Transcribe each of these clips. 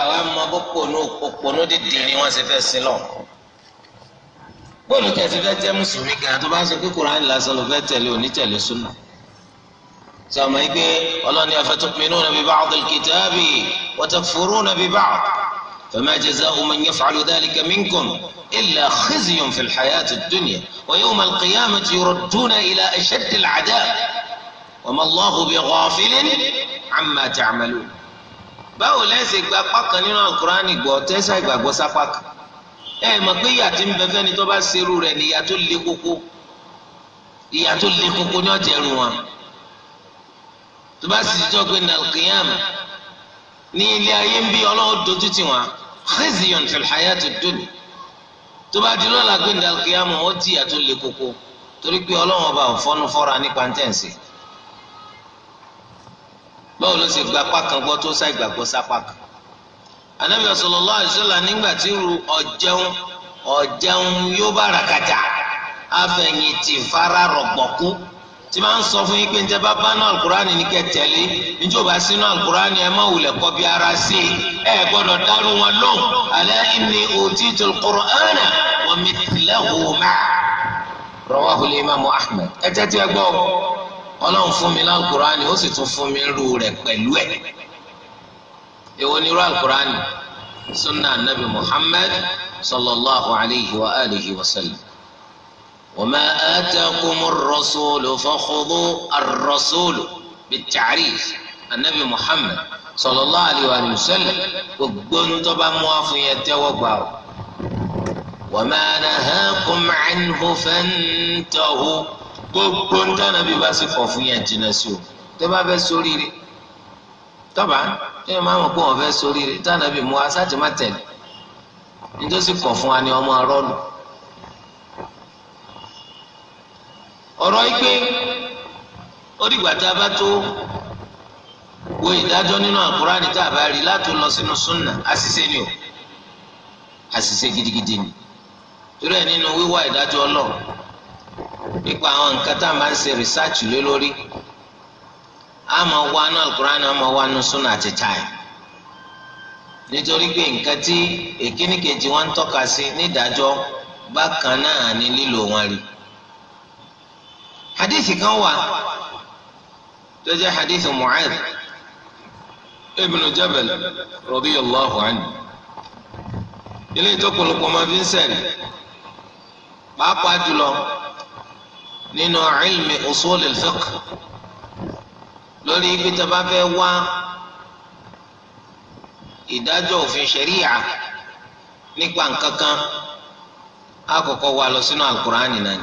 àwọn ọmọ bó ponú ponú dídì ni wọn ṣe fẹ́ sin lọ bóòlù tẹsí fẹ́ jẹ́ mùsùlùmí gan tó bá ń sọ pé kùránì lásán ló fẹ́ tẹ̀lé onítẹ̀lé súnà sọ ma yìí pé ọlọ́ni afatu'minuna bi ba'd al-kitabi wa takfuruna bi ba'd fama jaza'u man yaf'alu dhalika minkum illa khizyun fil hayati ad-dunya wa yawma al-qiyamati yuradduna ila ashaddi al-'adab. wama Allahu bi ghafilin amma ta'malun báwo lẹ́sẹ̀ gba pákan nínú alukur'ani gbọ́ tẹ́sà ìgbàgbọ́ sápá kan ẹ mọ̀ pé ìyà tí ń bẹ fẹ́ni tó bá serú rẹ̀ ni ìyà tó le koko ìyà tó le koko ní ọ̀jẹ̀ rùn wọn tó bá sì jọ pé nàlùkìyàm ní ilé ayé ń bí ọlọ́run dojú tì wọ́n khizyun fil hayatid dunya tó bá di lọ́la pé nàlùkìyàm ó jìyà tó le koko torí pé ọlọ́run ọba ò fọ́nú fọ́ra nípa ń báwo ló ṣe gba apá kan gbọ́ tó ṣàì gbàgbọ́ sápá kan anabi sallallahu alaihi wasallam nígbà tí ru ọ̀jẹun ọ̀jẹun yóò bá ràkàtà afẹ̀yìntì fara rọ̀gbọ̀kú tí máa ń sọ fún yín pé njẹ́ bá bá náà alukurani ní kẹ́ tẹ̀lé njẹ́ ò bá sínú alukurani ẹ má wulẹ̀ kọ́ bí ara sí i ẹ gbọ́dọ̀ dárú wọn lóhùn ala inni utitul qur'ana wa mithlahu ma'a rawahu al-imamu Ahmad ẹ tẹ́tí ẹ gbọ́ o ọlọ́run fún mi lálùkùránì ó sì tún fún mi rú rẹ̀ pẹ̀lú ẹ̀ èwo ni irú àlùkùránì sunna anabi muhammad sallallahu alayhi wa alihi wa sallam wàmà àtàkùmù rọ̀sùlù fọ́kùdù àrọ̀sùlù bìtàrìf anabi muhammad sallallahu alayhi wa alihi wa sallam gbogbo ntọ́ba mú àfún yẹn tẹ́wọ́ gbà gbogbo ń dáná bí bá sì kọ̀ fún yẹn jìnnà sí o tó bá fẹ́ sóríire tọ́ba yẹn máa mọ̀ pé wọ́n fẹ́ sóríire dáná bí mu asáàtì má tẹ̀lé nítorí sì kọ̀ fún wa ni ọmọ rọ́ọ̀lù. ọ̀rọ̀ yìí pé ó dìgbà tá a bá tó wo ìdájọ́ nínú àkùránì tá a bá rí láti lọ sínú súnà àṣìṣe ni o àṣìṣe gidigidi ni torí ẹ̀ nínú wíwá ìdájọ́ ọlọ́run nípa àwọn nǹkan tá a máa ń ṣe research lé lórí a máa wá ní alukur'an a máa wá ní sunna àti táì nítorí pé nǹkan tí èkíní kejì wọn ń tọ́ka sí nídàájọ́ bákan náà ni lílo wọn rí hadith kan wà tó jẹ́ hadith Mu'adh ibn Jabal allahu anhu ilé ìtọ́kùnrin kò máa fi ń sẹ́ni pàápàá jùlọ. nínú ilmi usul al-fiqh lórí ibi tí a bá fẹ́ wá ìdájọ́ òfin ṣẹ̀ríyà nípa nǹkan kan á kọ́kọ́ wá lọ sínú alukur'an náà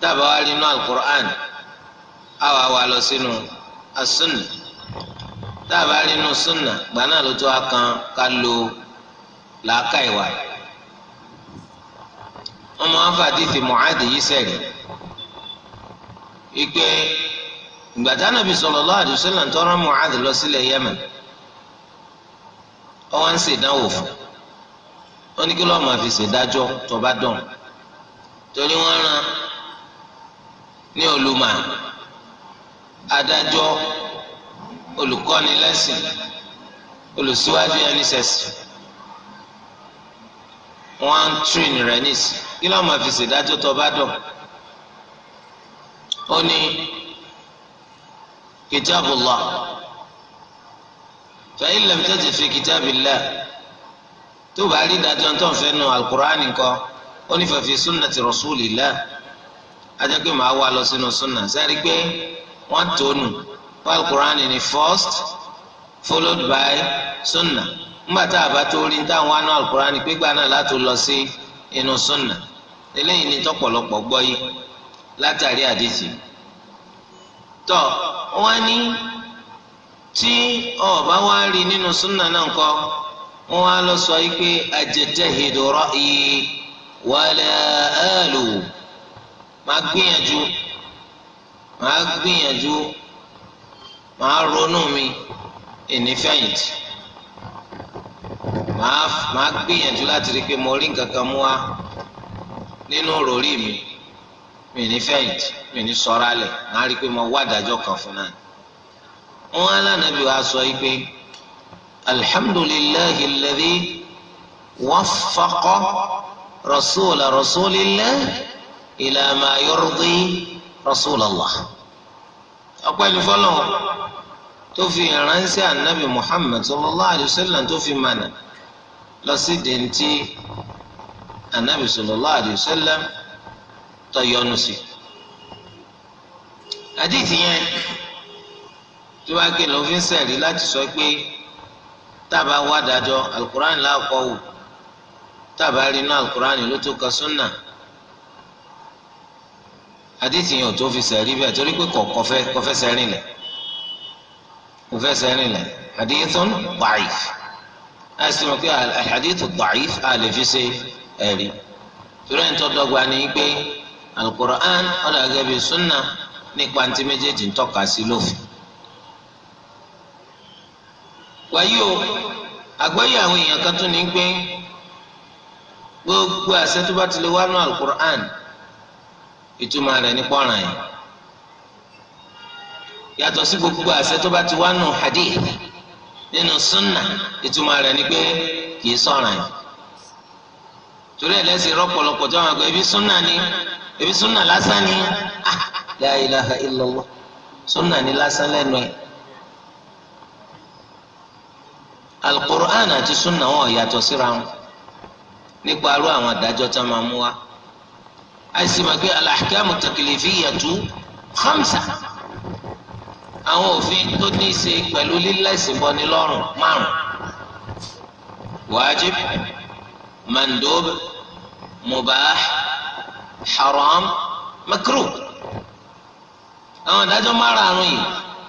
dábàá wá nínú alukur'an á wá wá lọ sínú as-sunnah dábàá nínú sunnah gbaná ló tó a kan ká ọmọ máa ń fàdíìsì Mu'adh yìí sẹ́rí ìpè ìgbàdá nàbì sallallahu alaihi wasallam tó lọ sílẹ̀ Yemen ọwọ́ ń ṣèdánwò fún ó ní kí lọ́ọ́ tọba fi ṣèdájọ́ tó bá dán torí wọ́n rán ní olùmọ adájọ olùkọ́ni lẹ́sìn olùsíwájú ẹni sẹ́sìn nísìn kí ló máa fi ṣèdájọ́ tó bá dọ̀ ó ní kitabullah fa in lam tajid fi kitabillah tó bá rí ìdájọ́ tó ń fẹ́ nu alukur'ani kọ ó ní fa fi sunnati rasulillah ajá pé màá wà lọ sínú sunna sẹ́rí pé wọ́n tó nù alukur'ani ni first followed by sunna ńgbà tá a bá tó rí táwọn anú alukur'ani pé gbà náà láti lọ sí inú sunna eléyìí ni tọ́pọ̀lọpọ̀ gbọ́ yìí látàrí àdìsí tọ wọn ní tí ọba wa rí nínú súnà náà kọ wọn á lọ sọ yìí pé ajtahidu ra'yi wala alu máa gbìyànjú máa gbìyànjú máa ronú mi ìnífẹ̀yìntì máa gbìyànjú láti rí i pé mo rí nǹkan kan mú wa nínú ọ̀rọ̀ orí mi mi ní fẹ̀yìntì mi ní sọ̀rọ̀ alẹ̀ máa rí i pé mo wá àdájọ́ kan fún náà. wọn alánàbí wa sọ yìí pé alhamdulillahi alladhi waffaqa rasula rasulillah ila ma yurdi rasulallah. ọpẹ́ ní fọlọ́ tó fi ìránṣẹ́ ànábì muhammad sallallahu alayhi tó fi mànà lọ sí dèntì anabi sallallahu alayhi wa sallam tó yọ́nú sí. àdìtì yẹn tí wàá gé lọ́fíń sẹ̀rí láti sọ pé tábà wá dájọ́ alukur'an láàkọ́ wò tábà rí inú alukur'an ló tó ka súnà àdìtì yẹn ò tó fi sẹ̀rí bẹ́ẹ̀ torí pé kọ̀ọ̀kọ̀fẹ́ kọ̀fẹ́ sẹ́rìn lẹ̀ kọ̀fẹ́ sẹ́rìn lẹ̀ àdìyẹ tó ń pààyè láti pé àdìyẹ tó pààyè àlè fi ṣe. ẹ̀rí torí ẹni tó dọ́gba ni pé alukur'an bíi nípa ntí méjèèjì ń tọ́ka sí lófin. wáyé o àgbáyé àwọn èèyàn kan ní pé gbogbo àṣẹ tó bá ti lè wá nú alukur'an ìtumọ̀ rẹ̀ ní pọ́nrán yìí sunna ìtumọ̀ rẹ̀ yìí. torí ẹ̀ lẹ́sìn rọ́pọ̀lọpọ̀ tí wọ́n máa gbé ebi súnà ni ebi súnà lásán ni ah, la ilaha illallah súnà ni lásán lẹ́nu ẹ̀ alukur'an àti súnà wọn yàtọ̀ síra wọn nípa arú àwọn àdájọ́ tá a máa mú wa àìsí máa gbé alahikamu takilifiyatu khamsa àwọn òfin tó ní í ṣe pẹ̀lú lílá ìsìnbọnilọ́rùn márùn wájib mandub mubah haram makruh àwọn ìdájọ́ márààrún yìí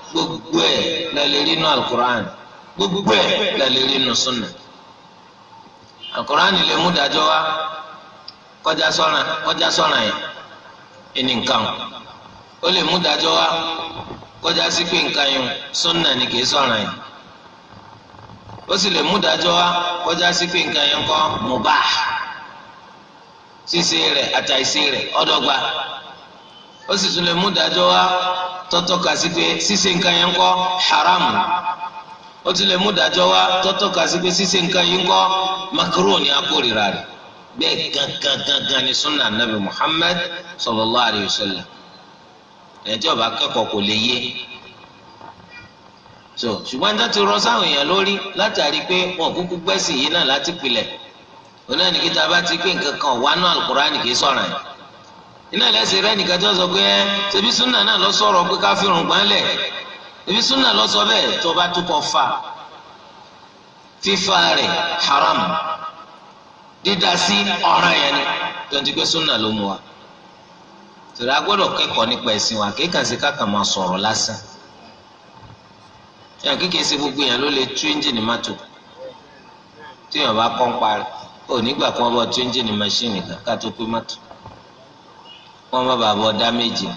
gbogbo ẹ̀ lẹ́lẹ́ rí inú alukur'an gbogbo ẹ̀ lẹ́lẹ́ rí inú sunna alukur'an lè mú ìdájọ́ wá kọjá sọ́ràn kọjá sọ́ràn yẹn ẹni nǹkan ó lè mú ìdájọ́ wá kọjá sí pé nǹkan yẹn sunna ni kì í sọ̀ràn yẹn ó sì lè mú ìdájọ́ wá kọjá sí pé nǹkan yẹn kọ́ mubah. ṣíṣe rẹ̀ àtàìṣe rẹ̀ ọ̀dọ́gba ó sì tún lè mú dájọ́ wá tọ́tọ́ka sí pé ṣíṣe nǹkan yẹn ń haram ó tún lè mú dájọ́ wá tọ́tọ́ka pé nǹkan yẹn makaro ni sunna nabi muhammad sallallahu alayhi wa sallam ẹni tí kò lè so ṣùgbọ́n ní tó ti rọ sáwọn èèyàn lórí látàrí pé wọn kúkú gbẹ́sìn yìí náà láti onáni kí tá a bá ti pé nǹkan kan wà nù alukurani kì í sọ̀rọ̀ yẹn iná lẹ́sẹ̀ rẹ nìkan tí wọ́n sọ pé ẹ ṣebí súnà náà lọ sọ̀rọ̀ pé ká fi rùn gbọ́nlẹ̀ ṣebí súnà lọ sọ bẹ́ẹ̀ tó bá tó kọ fa fífa rẹ̀ haram dídá sí ọ̀ràn yẹn ni tó ń ti pé súnà ló mú wa tòrá gbọ́dọ̀ kẹ́kọ̀ọ́ nípa ẹ̀sìn wa kéèkàn sí káàkà máa sọ̀rọ̀ lásán yàrá kékeré sí gbogbo yẹn ló lè tú ẹ́ńjìnì mọ́tò tí yàrá bá kọ́ ń parí ò nígbà kan bọ tó ẹ́ńjìnì machine kan ká tó pé mọ́tò wọ́n má bàa bọ dá méjì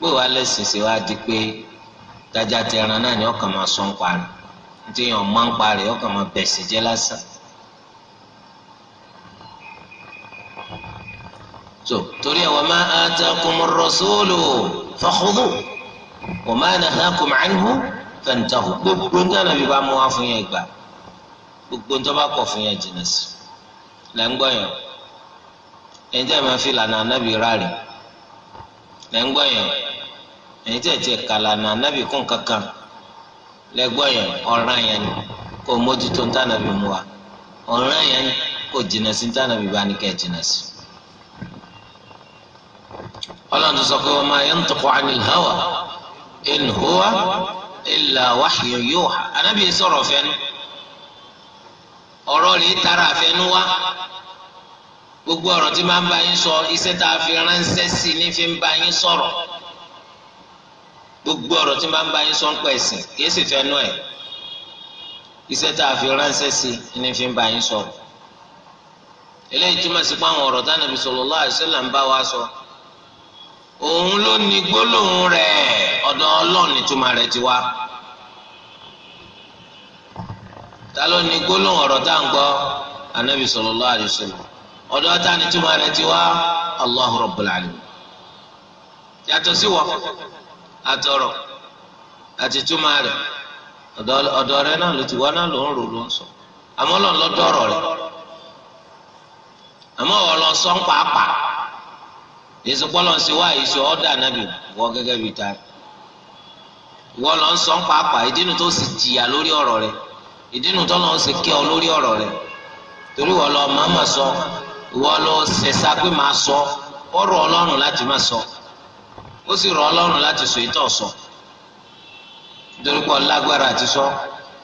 pé wàá lẹ́sìn sí wàá di pé dájá ti ẹran náà ni ọkàn máa sọ ń parí nítorí máa ń parí ọkàn máa bẹ̀sẹ̀ jẹ́ lásán. so torí ẹ wa ma atakumur rasulu fakhudhu wa ma nahakum anhu fantahu gbogbo ń dáná bí bá mú wá fún yẹn gbà. gbogbo ń tọ́ba kọ̀ fún yẹn jìnnà sí lẹ́ yẹn ẹ̀yin tí a máa fi lànà anábì ráàlì lẹ́ yẹn a ti kà lànà anábì kún kankan yẹn ọ̀ràn yẹn ni kò mójútó ń tànàbì mu wa ọ̀ràn yẹn kò jìnnà sí ń tànàbì bá ní kẹ́ jìnnà sí. ọlọ́run tó sọ pé ọ̀rọ̀ rèé tara àfẹnú gbogbo ọ̀rọ̀ tí máa ń bá sọ iṣẹ́ tá fi ránṣẹ́ sí ní fi ń sọ̀rọ̀ gbogbo ọ̀rọ̀ tí máa ń bá sọ ń pẹ̀ kìí sì ẹ̀ iṣẹ́ tá fi ránṣẹ́ sí ní fi ń sọ̀rọ̀ eléyìí túmọ̀ sí wa sọ òun ló ní gbólóhùn rẹ̀ ọ̀dọ̀ rẹ̀ ta ló ní gbólóhùn ọ̀rọ̀ tá à ń gbọ́ anabi sallallahu alaihi wasallam ọ̀dọ̀ ta ni túmọ̀ rẹ̀ ti wá Allahu rabbul alamin yàtọ̀ sí wọ àtọ̀rọ̀ àti túmọ̀ rẹ̀ ọ̀dọ̀ rẹ̀ náà ló ti wá náà ló ń rò ló ń sọ àmọ́ lọ́n lọ́dọ̀ọ̀rọ̀ rẹ̀ àmọ́ ọ̀ lọ sọ ń pàápàá èso pọ́lọ́ ń ṣe wá èso anabi wọ gẹ́gẹ́ bíi ta ìwọ lọ ń sọ ń pàápàá ìdí nu tó sì jìyà ìdínú tọ́lọ́ ń sì kí ọ lórí ọ̀rọ̀ rẹ̀ torí wọ́n lọ màmá sọ wọ́n lọ sẹ̀sá pé màá sọ ó rọ ọlọ́run láti má sọ ó sì rọ ọlọ́run láti sọ ètò ọ̀sọ̀ sọ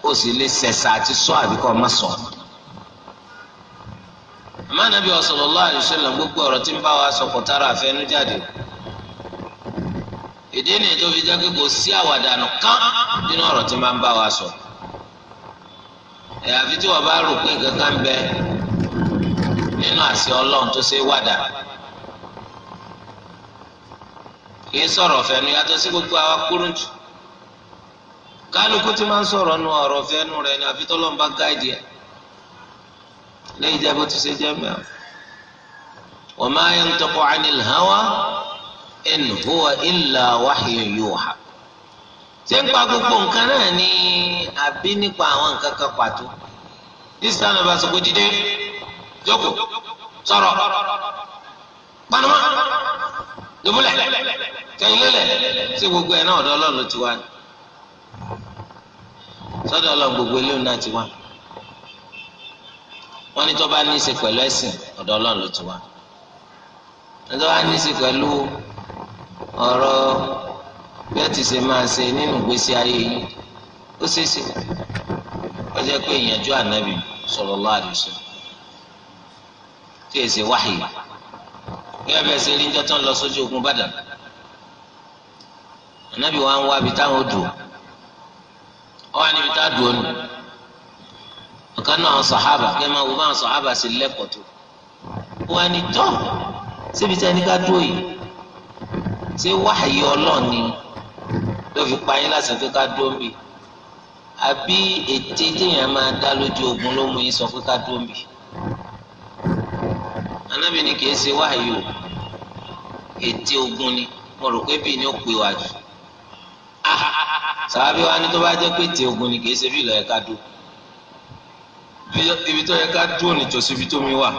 ó sì lè àti sọ má sọ. àmọ́ nàbí gbogbo sọ àfẹnú jáde ìdí tó fi jẹ́ kò sí nínú ọ̀rọ̀ tí ń bá wa sọ. So. àyàfi tí wọ́n bá rò pé nǹkan kan bẹ nínú àṣẹ ọlọ́run tó ṣe wàdà kì í sọ̀rọ̀ fẹ́nu yàtọ̀ sí gbogbo àwa kúrú jù kálukú tí máa ń sọ̀rọ̀ nu ọ̀rọ̀ fẹ́nu rẹ̀ ni àfi tọ́lọ́run bá gáàdì ẹ̀ lẹ́yìn jẹ́ bó ti ṣe jẹ́ mẹ́rin wa ma yantiqu anil hawa in huwa illa wahyun yuha ṣé ń pa gbogbo nǹkan náà ni àbí nípa àwọn nǹkan kan pàtó islam bá sọ pé dídé jókòó sọ̀rọ̀ panama dùbúlẹ̀ kẹyìn lélẹ̀ ṣé gbogbo ẹ̀ náà ọ̀dọ̀ Ọlọ́run ti wá ni sọ́dọ̀ Ọlọ́run gbogbo eléyìí náà ti wá wọ́n ní tó bá ní í ṣe pẹ̀lú ẹ̀sìn ọ̀dọ̀ Ọlọ́run ló ti wá ní tó bá ní í ṣe pẹ̀lú ọ̀rọ̀. bí ó ti ṣe máa ṣe nínú ìgbésí ayé yìí ó ṣe é ṣe ó jẹ́ pé ìyànjú ànábì sallallahu alaihi tí èsì wáhì gẹ́gẹ́ bẹ́ẹ̀ ṣe rí níjọ́ tán lọ wa ń wá ibi táwọn odò ó wà níbi tá a dùn ó nù ọ̀kan náà àwọn sàhábà kẹ́ máa wo báwọn sàhábà sì lẹ́kọ̀ọ́ tó wọ́n yóò fi pa yín lásán pé ká dúró mbì àbí ète téèyàn máa dá lójú ogun ló mú yín sọ pé ká dúró mbì anábì ni kì í ṣe wáyé o ète ogun ni mo rò pé bíi ni ó pè wá jù sàbí wa ni tó bá jẹ́ pé ète ogun ni kì í ṣe bí ìlọ yẹ dúró ibi tó yẹ ká dúró nítòsí ibi tó mi wà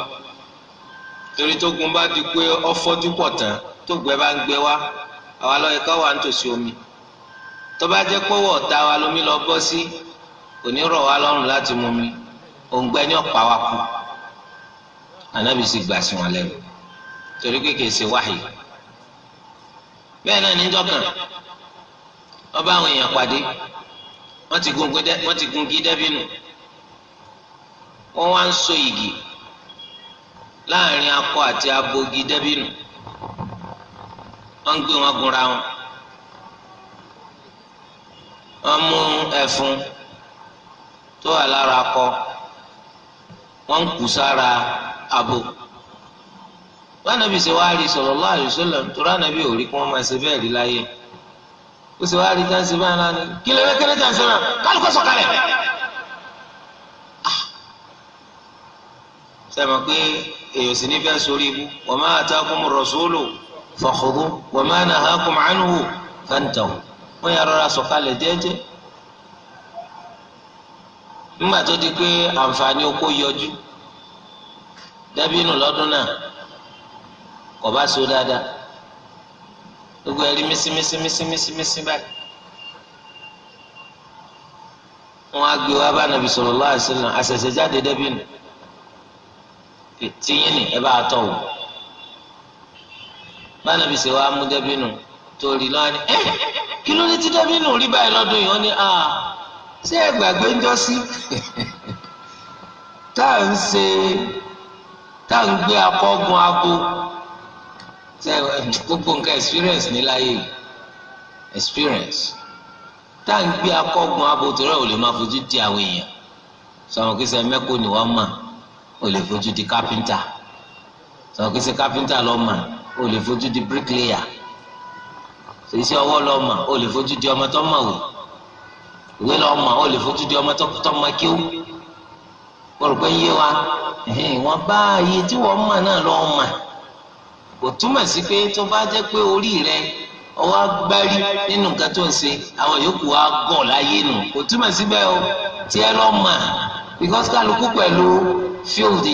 torí tó gun bá di pé ọfọ́jú pọ̀ tán tó gbẹ bá ń gbẹ wá àwa lọ́yẹ ká wà nítòsí omi tọ́ba jẹ́ pọ́wọ́ ọ̀tá wa lomi lọ bọ́ sí kò rọ̀ wá lọ́rùn láti mú mi òǹgbẹ ní ọ̀pá wa kú ànábì sì gbà sí wọn lẹ́nu torí pé kìí ṣe wáyé bẹ́ẹ̀ náà níjọ́ kan ọba àwọn èèyàn pàdé wọ́n ti gun gídẹ́bí wọ́n wá ń so igi láàrin akọ àti abo gídẹ́bí nù wọ́n ń gbé wọn gunra wọn wọ́n mú ẹfun tó wà lára kọ wọ́n ń kù sára abo wọn nàbì ṣe wá rí sallallahu alaihi wasallam nítorí ànàbì ò rí kí wọ́n máa ṣe bẹ́ẹ̀ rí láyé ó ṣe wá rí tá ń ṣe báyìí lánàá kí lè kékeré tá ń ṣe náà kálukọ sọ̀kalẹ̀. sẹ́mi ah. pé èèyàn sì ní fẹ́ sórí ibú wa ma atakumur rasulu fakhudhu wa ma nahakum anhu fantahu. wọ́n yà rọra sọ̀kalẹ̀ jẹ́jẹ́ nígbà tó di pé àǹfààní oko yọjú dàbínù lọ́dún náà kò bá so dáadáa gbogbo ẹ̀rí mísímísímísímísí báyìí Wọn á gbé wa bá nàbì jáde tìyín ni ẹ a wò wa mú dàbínù tó rí lọ́wọ́ kí ló dé tí dẹ́bínú rí báyìí lọ́dún yìí wọ́n ní à ah, ṣé ẹ gbàgbé ń jọ́sí tá à ń ṣe tá à ń gbé akọ́gun abo gbogbo nǹkan experience ní láyé experience tá à ń gbé akọ́gun abo torí ò lè máa fojú di àwọn èèyàn sọ̀rọ̀ kí sẹ́ mẹ́kò ni wọ́n mọ̀ ò lè fojú di kápẹ́ńtà sọ̀rọ̀ kí sẹ́ kápẹ́ńtà lọ́ọ́ mọ̀ ò lè fojú di bricklayer sèṣe ọwọ́ lọ mà ó lè fojú di ọmọ tó mà wò ìwé lọ mà ó lè fojú di ọmọ tó tó mà kíw kọlù pé yé wa wọn bá iye tí wọn mà náà lọ mà kò túmọ̀ sí pé tó bá jẹ́ pé orí rẹ ọwọ́ agbárí nínú nǹkan tó ń ṣe àwọn yòókù wa gọ̀ láyé nù kò túmọ̀ síbẹ̀ o tí ẹ lọ mà because kálukú pẹ̀lú fíòdì.